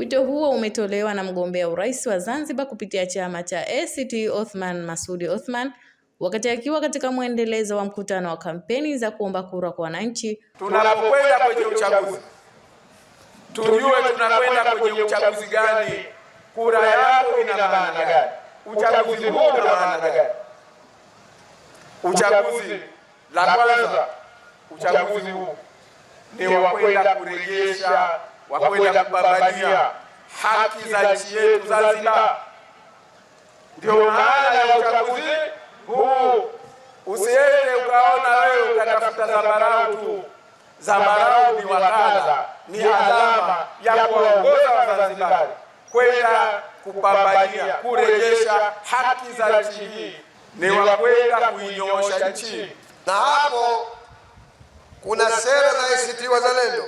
Wito huo umetolewa na mgombea urais wa Zanzibar kupitia chama cha ACT Othman Masudi Othman wakati akiwa katika mwendelezo wa mkutano wa kampeni za kuomba kura kwa wananchi. Tunapokwenda kwenye uchaguzi, tujue tunakwenda kwenye uchaguzi gani, kura yako ina maana gani, uchaguzi huu una maana gani? Uchaguzi la kwanza, uchaguzi huu ni wa kwenda kurejesha wa kwenda kupambania haki za nchi yetu Zanzibar. Ndio maana ya uchaguzi huu, usiende ukaona wewe ukatafuta zambarau tu. Zambarau ni wakala, ni alama ya kuwaongoza Wazanzibari kwenda kupambania kurejesha haki za nchi hii, ni wakwenda kuinyoosha nchi, na hapo kuna sera za ACT Wazalendo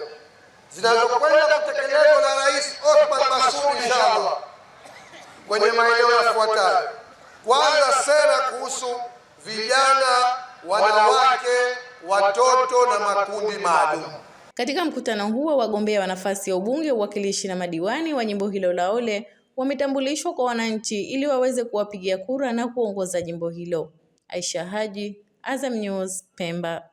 zinazokwenda kutekelezwa na Rais Othman Masoud inshallah kwenye maeneo yafuatayo. Kwanza, sera kuhusu vijana, wanawake, watoto na makundi maalum. Katika mkutano huo, wagombea wa nafasi ya ubunge, uwakilishi na madiwani wa jimbo hilo la Ole wametambulishwa kwa wananchi ili waweze kuwapigia kura na kuongoza jimbo hilo. Aisha Haji, Azam News, Pemba.